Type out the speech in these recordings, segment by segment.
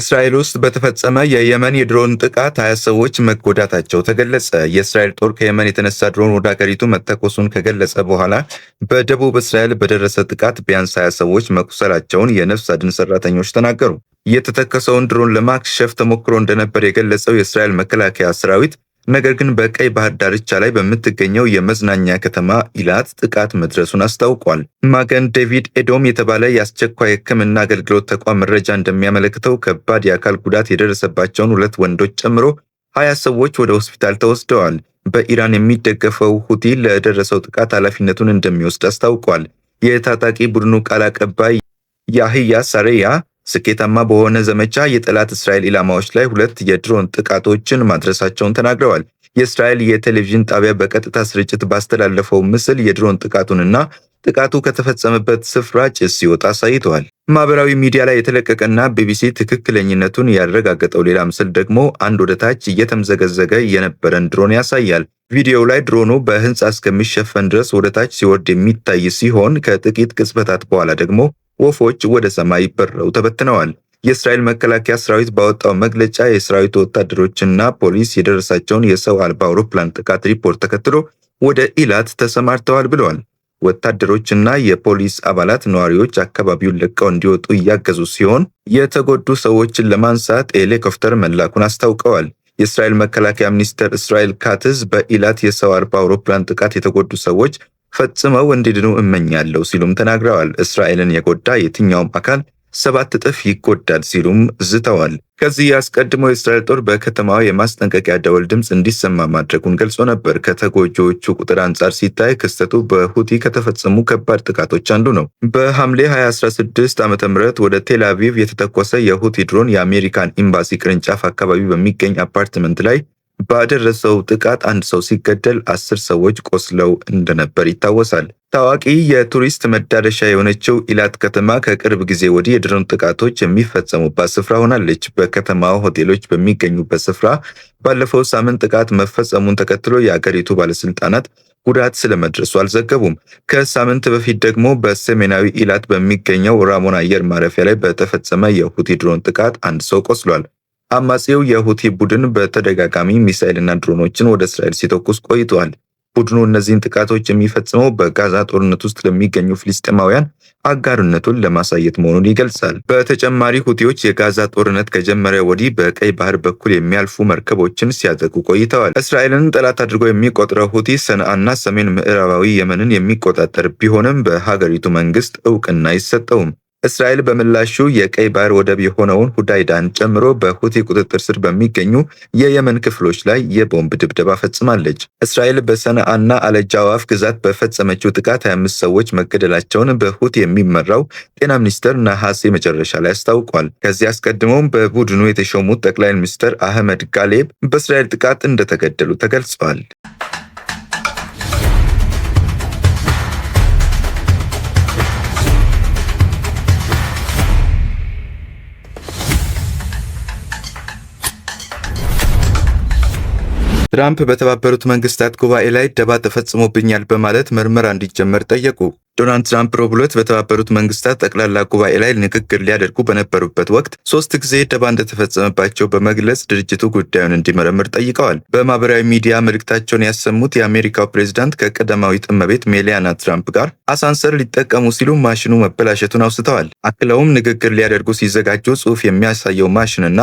እስራኤል ውስጥ በተፈጸመ የየመን የድሮን ጥቃት ሀያ ሰዎች መጎዳታቸው ተገለጸ። የእስራኤል ጦር ከየመን የተነሳ ድሮን ወደ ሀገሪቱ መተኮሱን ከገለጸ በኋላ በደቡብ እስራኤል በደረሰ ጥቃት ቢያንስ ሀያ ሰዎች መቁሰላቸውን የነፍስ አድን ሰራተኞች ተናገሩ። የተተከሰውን ድሮን ለማክሸፍ ተሞክሮ እንደነበር የገለጸው የእስራኤል መከላከያ ሰራዊት ነገር ግን በቀይ ባህር ዳርቻ ላይ በምትገኘው የመዝናኛ ከተማ ኢላት ጥቃት መድረሱን አስታውቋል። ማገን ዴቪድ ኤዶም የተባለ የአስቸኳይ ሕክምና አገልግሎት ተቋም መረጃ እንደሚያመለክተው ከባድ የአካል ጉዳት የደረሰባቸውን ሁለት ወንዶች ጨምሮ ሀያ ሰዎች ወደ ሆስፒታል ተወስደዋል። በኢራን የሚደገፈው ሁቲ ለደረሰው ጥቃት ኃላፊነቱን እንደሚወስድ አስታውቋል። የታጣቂ ቡድኑ ቃል አቀባይ ያህያ ሳሬያ ስኬታማ በሆነ ዘመቻ የጠላት እስራኤል ኢላማዎች ላይ ሁለት የድሮን ጥቃቶችን ማድረሳቸውን ተናግረዋል። የእስራኤል የቴሌቪዥን ጣቢያ በቀጥታ ስርጭት ባስተላለፈው ምስል የድሮን ጥቃቱንና ጥቃቱ ከተፈጸመበት ስፍራ ጭስ ሲወጣ አሳይተዋል። ማህበራዊ ሚዲያ ላይ የተለቀቀና ቢቢሲ ትክክለኝነቱን ያረጋገጠው ሌላ ምስል ደግሞ አንድ ወደ ታች እየተምዘገዘገ የነበረን ድሮን ያሳያል። ቪዲዮው ላይ ድሮኑ በህንፃ እስከሚሸፈን ድረስ ወደ ታች ሲወርድ የሚታይ ሲሆን ከጥቂት ቅጽበታት በኋላ ደግሞ ወፎች ወደ ሰማይ በረው ተበትነዋል። የእስራኤል መከላከያ ሰራዊት ባወጣው መግለጫ የሰራዊቱ ወታደሮችና ፖሊስ የደረሳቸውን የሰው አልባ አውሮፕላን ጥቃት ሪፖርት ተከትሎ ወደ ኢላት ተሰማርተዋል ብለዋል። ወታደሮችና የፖሊስ አባላት ነዋሪዎች አካባቢውን ለቀው እንዲወጡ እያገዙ ሲሆን የተጎዱ ሰዎችን ለማንሳት ሄሊኮፕተር መላኩን አስታውቀዋል። የእስራኤል መከላከያ ሚኒስትር እስራኤል ካትዝ በኢላት የሰው አልባ አውሮፕላን ጥቃት የተጎዱ ሰዎች ፈጽመው እንዲድኑ እመኛለሁ ሲሉም ተናግረዋል። እስራኤልን የጎዳ የትኛውም አካል ሰባት እጥፍ ይጎዳል ሲሉም ዝተዋል። ከዚህ አስቀድሞ የእስራኤል ጦር በከተማዋ የማስጠንቀቂያ ደወል ድምፅ እንዲሰማ ማድረጉን ገልጾ ነበር። ከተጎጂዎቹ ቁጥር አንጻር ሲታይ ክስተቱ በሁቲ ከተፈጸሙ ከባድ ጥቃቶች አንዱ ነው። በሐምሌ 2016 ዓ ም ወደ ቴል አቪቭ የተተኮሰ የሁቲ ድሮን የአሜሪካን ኤምባሲ ቅርንጫፍ አካባቢ በሚገኝ አፓርትመንት ላይ ባደረሰው ጥቃት አንድ ሰው ሲገደል አስር ሰዎች ቆስለው እንደነበር ይታወሳል። ታዋቂ የቱሪስት መዳረሻ የሆነችው ኢላት ከተማ ከቅርብ ጊዜ ወዲህ የድሮን ጥቃቶች የሚፈጸሙባት ስፍራ ሆናለች። በከተማው ሆቴሎች በሚገኙበት ስፍራ ባለፈው ሳምንት ጥቃት መፈጸሙን ተከትሎ የአገሪቱ ባለስልጣናት ጉዳት ስለመድረሱ አልዘገቡም። ከሳምንት በፊት ደግሞ በሰሜናዊ ኢላት በሚገኘው ራሞን አየር ማረፊያ ላይ በተፈጸመ የሁቲ ድሮን ጥቃት አንድ ሰው ቆስሏል። አማጺው የሁቲ ቡድን በተደጋጋሚ ሚሳኤልና ድሮኖችን ወደ እስራኤል ሲተኩስ ቆይቷል። ቡድኑ እነዚህን ጥቃቶች የሚፈጽመው በጋዛ ጦርነት ውስጥ ለሚገኙ ፍልስጤማውያን አጋርነቱን ለማሳየት መሆኑን ይገልጻል። በተጨማሪ ሁቲዎች የጋዛ ጦርነት ከጀመረ ወዲህ በቀይ ባህር በኩል የሚያልፉ መርከቦችን ሲያጠቁ ቆይተዋል። እስራኤልን ጠላት አድርጎ የሚቆጥረው ሁቲ ሰንዓና ሰሜን ምዕራባዊ የመንን የሚቆጣጠር ቢሆንም በሀገሪቱ መንግስት እውቅና አይሰጠውም። እስራኤል በምላሹ የቀይ ባህር ወደብ የሆነውን ሁዳይዳን ጨምሮ በሁቲ ቁጥጥር ስር በሚገኙ የየመን ክፍሎች ላይ የቦምብ ድብደባ ፈጽማለች። እስራኤል በሰነአና አለጃዋፍ ግዛት በፈጸመችው ጥቃት 25 ሰዎች መገደላቸውን በሁቲ የሚመራው ጤና ሚኒስቴር ነሐሴ መጨረሻ ላይ አስታውቋል። ከዚህ አስቀድሞም በቡድኑ የተሾሙት ጠቅላይ ሚኒስትር አህመድ ጋሌብ በእስራኤል ጥቃት እንደተገደሉ ተገልጸዋል። ትራምፕ በተባበሩት መንግስታት ጉባኤ ላይ ደባ ተፈጽሞብኛል በማለት ምርመራ እንዲጀመር ጠየቁ። ዶናልድ ትራምፕ ሮብ ዕለት በተባበሩት መንግስታት ጠቅላላ ጉባኤ ላይ ንግግር ሊያደርጉ በነበሩበት ወቅት ሶስት ጊዜ ደባ እንደተፈጸመባቸው በመግለጽ ድርጅቱ ጉዳዩን እንዲመረምር ጠይቀዋል። በማህበራዊ ሚዲያ መልእክታቸውን ያሰሙት የአሜሪካው ፕሬዚዳንት ከቀዳማዊት እመቤት ሜሊያና ትራምፕ ጋር አሳንሰር ሊጠቀሙ ሲሉ ማሽኑ መበላሸቱን አውስተዋል። አክለውም ንግግር ሊያደርጉ ሲዘጋጁ ጽሑፍ የሚያሳየው ማሽንና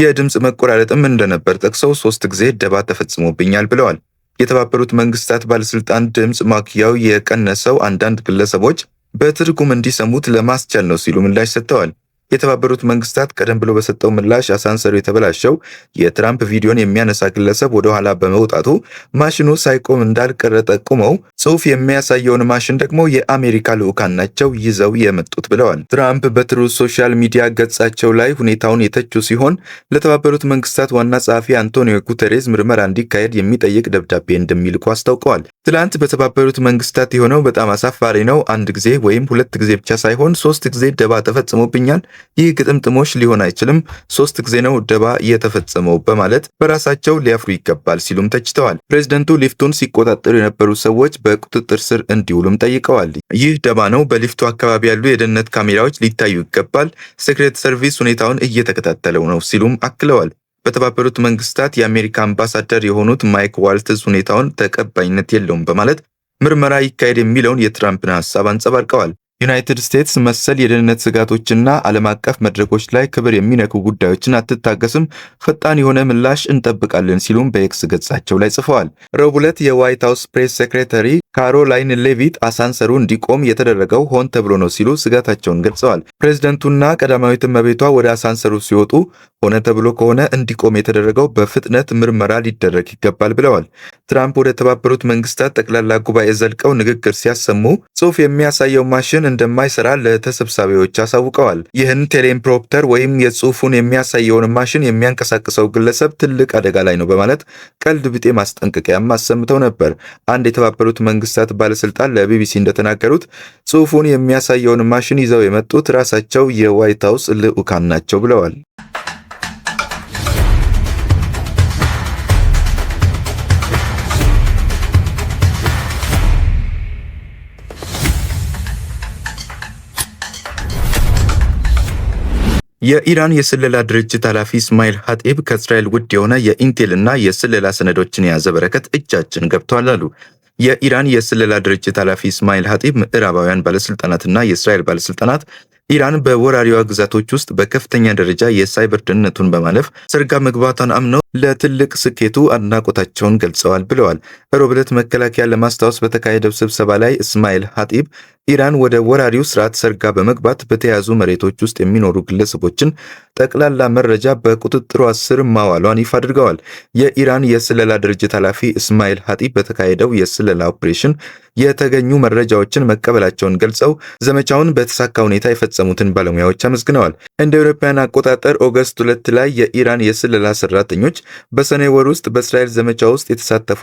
የድምፅ መቆራረጥም እንደነበር ጠቅሰው ሶስት ጊዜ ደባ ተፈጽሞብኛል ብለዋል። የተባበሩት መንግስታት ባለስልጣን ድምፅ ማኩያው የቀነሰው አንዳንድ ግለሰቦች በትርጉም እንዲሰሙት ለማስቻል ነው ሲሉ ምላሽ ሰጥተዋል። የተባበሩት መንግስታት ቀደም ብሎ በሰጠው ምላሽ አሳንሰሩ የተበላሸው የትራምፕ ቪዲዮን የሚያነሳ ግለሰብ ወደ ኋላ በመውጣቱ ማሽኑ ሳይቆም እንዳልቀረ ጠቁመው ጽሑፍ የሚያሳየውን ማሽን ደግሞ የአሜሪካ ልዑካን ናቸው ይዘው የመጡት ብለዋል። ትራምፕ በትሩ ሶሻል ሚዲያ ገጻቸው ላይ ሁኔታውን የተቹ ሲሆን ለተባበሩት መንግስታት ዋና ጸሐፊ አንቶኒዮ ጉተሬዝ ምርመራ እንዲካሄድ የሚጠይቅ ደብዳቤ እንደሚልኩ አስታውቀዋል። ትላንት በተባበሩት መንግስታት የሆነው በጣም አሳፋሪ ነው። አንድ ጊዜ ወይም ሁለት ጊዜ ብቻ ሳይሆን ሶስት ጊዜ ደባ ተፈጽሞብኛል ይህ ግጥምጥሞሽ ሊሆን አይችልም፣ ሶስት ጊዜ ነው ደባ እየተፈጸመው በማለት በራሳቸው ሊያፍሩ ይገባል ሲሉም ተችተዋል። ፕሬዝደንቱ ሊፍቱን ሲቆጣጠሩ የነበሩ ሰዎች በቁጥጥር ስር እንዲውሉም ጠይቀዋል። ይህ ደባ ነው፣ በሊፍቱ አካባቢ ያሉ የደህንነት ካሜራዎች ሊታዩ ይገባል፣ ሴክሬት ሰርቪስ ሁኔታውን እየተከታተለው ነው ሲሉም አክለዋል። በተባበሩት መንግስታት የአሜሪካ አምባሳደር የሆኑት ማይክ ዋልትዝ ሁኔታውን ተቀባይነት የለውም በማለት ምርመራ ይካሄድ የሚለውን የትራምፕን ሀሳብ አንጸባርቀዋል። ዩናይትድ ስቴትስ መሰል የደህንነት ስጋቶችና ዓለም አቀፍ መድረኮች ላይ ክብር የሚነኩ ጉዳዮችን አትታገስም፣ ፈጣን የሆነ ምላሽ እንጠብቃለን ሲሉም በኤክስ ገጻቸው ላይ ጽፈዋል። ረቡዕ ዕለት የዋይት ሃውስ ፕሬስ ሴክሬታሪ ካሮላይን ሌቪት አሳንሰሩ እንዲቆም የተደረገው ሆን ተብሎ ነው ሲሉ ስጋታቸውን ገልጸዋል። ፕሬዚደንቱና ቀዳማዊት እመቤቷ ወደ አሳንሰሩ ሲወጡ ሆነ ተብሎ ከሆነ እንዲቆም የተደረገው በፍጥነት ምርመራ ሊደረግ ይገባል ብለዋል። ትራምፕ ወደ ተባበሩት መንግስታት ጠቅላላ ጉባኤ ዘልቀው ንግግር ሲያሰሙ ጽሑፍ የሚያሳየው ማሽን እንደማይሰራ ለተሰብሳቢዎች አሳውቀዋል። ይህን ቴሌምፕሮፕተር ወይም የጽሑፉን የሚያሳየውን ማሽን የሚያንቀሳቅሰው ግለሰብ ትልቅ አደጋ ላይ ነው በማለት ቀልድ ብጤ ማስጠንቀቂያም አሰምተው ነበር። አንድ የተባበሩት መንግስታት ባለስልጣን ለቢቢሲ እንደተናገሩት ጽሑፉን የሚያሳየውን ማሽን ይዘው የመጡት ራሳቸው የዋይት ሀውስ ልዑካን ናቸው ብለዋል። የኢራን የስለላ ድርጅት ኃላፊ እስማኤል ሀጢብ ከእስራኤል ውድ የሆነ የኢንቴል እና የስለላ ሰነዶችን የያዘ በረከት እጃችን ገብቷል አሉ። የኢራን የስለላ ድርጅት ኃላፊ እስማኤል ሀጢብ ምዕራባውያን ባለስልጣናትና የእስራኤል ባለስልጣናት ኢራን በወራሪዋ ግዛቶች ውስጥ በከፍተኛ ደረጃ የሳይበር ደህንነቱን በማለፍ ሰርጋ መግባቷን አምነው ለትልቅ ስኬቱ አድናቆታቸውን ገልጸዋል ብለዋል። ሮብ ዕለት መከላከያ ለማስታወስ በተካሄደው ስብሰባ ላይ እስማኤል ሀጢብ ኢራን ወደ ወራሪው ስርዓት ሰርጋ በመግባት በተያዙ መሬቶች ውስጥ የሚኖሩ ግለሰቦችን ጠቅላላ መረጃ በቁጥጥሯ ስር ማዋሏን ይፋ አድርገዋል። የኢራን የስለላ ድርጅት ኃላፊ እስማኤል ሀጢብ በተካሄደው የስለላ ኦፕሬሽን የተገኙ መረጃዎችን መቀበላቸውን ገልጸው ዘመቻውን በተሳካ ሁኔታ የፈጸ የፈጸሙትን ባለሙያዎች አመስግነዋል። እንደ አውሮፓውያን አቆጣጠር ኦገስት ሁለት ላይ የኢራን የስለላ ሰራተኞች በሰኔ ወር ውስጥ በእስራኤል ዘመቻ ውስጥ የተሳተፉ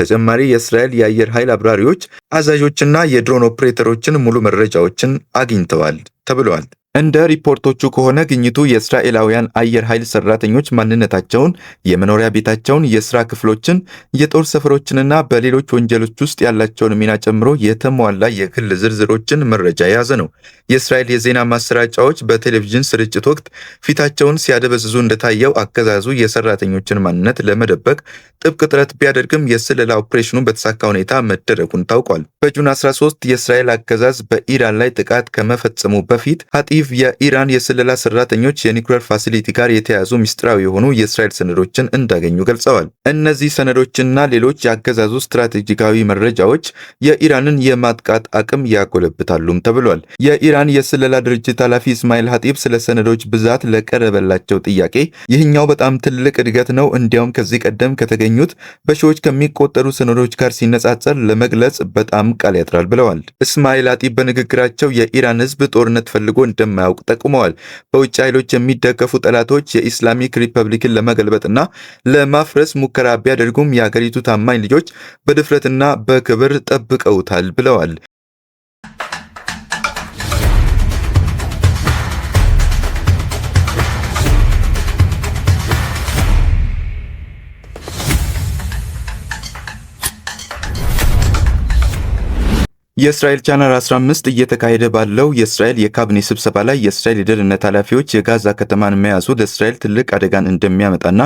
ተጨማሪ የእስራኤል የአየር ኃይል አብራሪዎች፣ አዛዦችና የድሮን ኦፕሬተሮችን ሙሉ መረጃዎችን አግኝተዋል ተብለዋል። እንደ ሪፖርቶቹ ከሆነ ግኝቱ የእስራኤላውያን አየር ኃይል ሰራተኞች ማንነታቸውን፣ የመኖሪያ ቤታቸውን፣ የስራ ክፍሎችን፣ የጦር ሰፈሮችንና በሌሎች ወንጀሎች ውስጥ ያላቸውን ሚና ጨምሮ የተሟላ የግል ዝርዝሮችን መረጃ የያዘ ነው። የእስራኤል የዜና ማሰራጫዎች በቴሌቪዥን ስርጭት ወቅት ፊታቸውን ሲያደበዝዙ እንደታየው አገዛዙ የሰራተኞችን ማንነት ለመደበቅ ጥብቅ ጥረት ቢያደርግም የስለላ ኦፕሬሽኑ በተሳካ ሁኔታ መደረጉን ታውቋል። በጁን 13 የእስራኤል አገዛዝ በኢራን ላይ ጥቃት ከመፈጸሙ በፊት ይህ የኢራን የስለላ ሰራተኞች የኒኩሌር ፋሲሊቲ ጋር የተያያዙ ሚስጥራዊ የሆኑ የእስራኤል ሰነዶችን እንዳገኙ ገልጸዋል። እነዚህ ሰነዶችና ሌሎች የአገዛዙ ስትራቴጂካዊ መረጃዎች የኢራንን የማጥቃት አቅም ያጎለብታሉም ተብሏል። የኢራን የስለላ ድርጅት ኃላፊ እስማኤል ሀጢብ ስለ ሰነዶች ብዛት ለቀረበላቸው ጥያቄ ይህኛው በጣም ትልቅ እድገት ነው፣ እንዲያውም ከዚህ ቀደም ከተገኙት በሺዎች ከሚቆጠሩ ሰነዶች ጋር ሲነጻጸር ለመግለጽ በጣም ቃል ያጥራል ብለዋል። እስማኤል ሀጢብ በንግግራቸው የኢራን ህዝብ ጦርነት ፈልጎ እንደ እንደማያውቅ ጠቁመዋል። በውጭ ኃይሎች የሚደገፉ ጠላቶች የኢስላሚክ ሪፐብሊክን ለመገልበጥና ለማፍረስ ሙከራ ቢያደርጉም የአገሪቱ ታማኝ ልጆች በድፍረትና በክብር ጠብቀውታል ብለዋል። የእስራኤል ቻናል 15 እየተካሄደ ባለው የእስራኤል የካቢኔ ስብሰባ ላይ የእስራኤል የደህንነት ኃላፊዎች የጋዛ ከተማን መያዙ ለእስራኤል ትልቅ አደጋን እንደሚያመጣና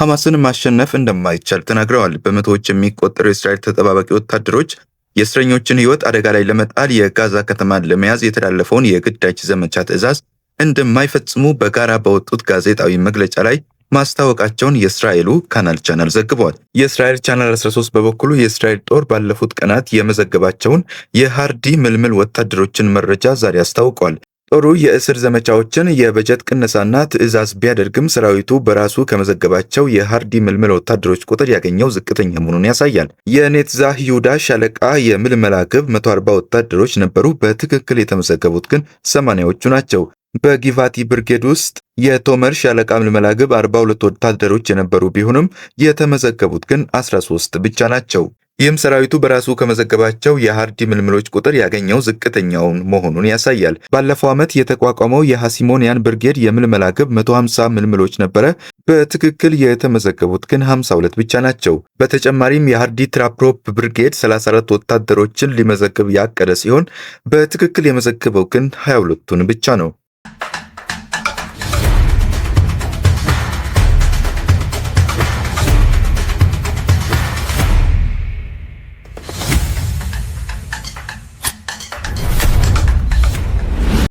ሐማስን ማሸነፍ እንደማይቻል ተናግረዋል። በመቶዎች የሚቆጠሩ የእስራኤል ተጠባባቂ ወታደሮች የእስረኞችን ሕይወት አደጋ ላይ ለመጣል የጋዛ ከተማን ለመያዝ የተላለፈውን የግዳጅ ዘመቻ ትዕዛዝ እንደማይፈጽሙ በጋራ በወጡት ጋዜጣዊ መግለጫ ላይ ማስታወቃቸውን የእስራኤሉ ካናል ቻናል ዘግቧል። የእስራኤል ቻናል 13 በበኩሉ የእስራኤል ጦር ባለፉት ቀናት የመዘገባቸውን የሃርዲ ምልምል ወታደሮችን መረጃ ዛሬ አስታውቋል። ጦሩ የእስር ዘመቻዎችን የበጀት ቅነሳና ትዕዛዝ ቢያደርግም ሰራዊቱ በራሱ ከመዘገባቸው የሃርዲ ምልምል ወታደሮች ቁጥር ያገኘው ዝቅተኛ መሆኑን ያሳያል። የኔትዛህ ይሁዳ ሻለቃ የምልመላ ግብ 140 ወታደሮች ነበሩ። በትክክል የተመዘገቡት ግን ሰማንያዎቹ ናቸው። በጊቫቲ ብርጌድ ውስጥ የቶመር ሻለቃ ምልመላ ግብ 42 ወታደሮች የነበሩ ቢሆንም የተመዘገቡት ግን 13 ብቻ ናቸው። ይህም ሰራዊቱ በራሱ ከመዘገባቸው የሃርዲ ምልምሎች ቁጥር ያገኘው ዝቅተኛውን መሆኑን ያሳያል። ባለፈው ዓመት የተቋቋመው የሃሲሞኒያን ብርጌድ የምልመላ ግብ 150 ምልምሎች ነበረ። በትክክል የተመዘገቡት ግን 52 ብቻ ናቸው። በተጨማሪም የሃርዲ ትራፕሮፕ ብርጌድ 34 ወታደሮችን ሊመዘግብ ያቀደ ሲሆን በትክክል የመዘገበው ግን 22ቱን ብቻ ነው።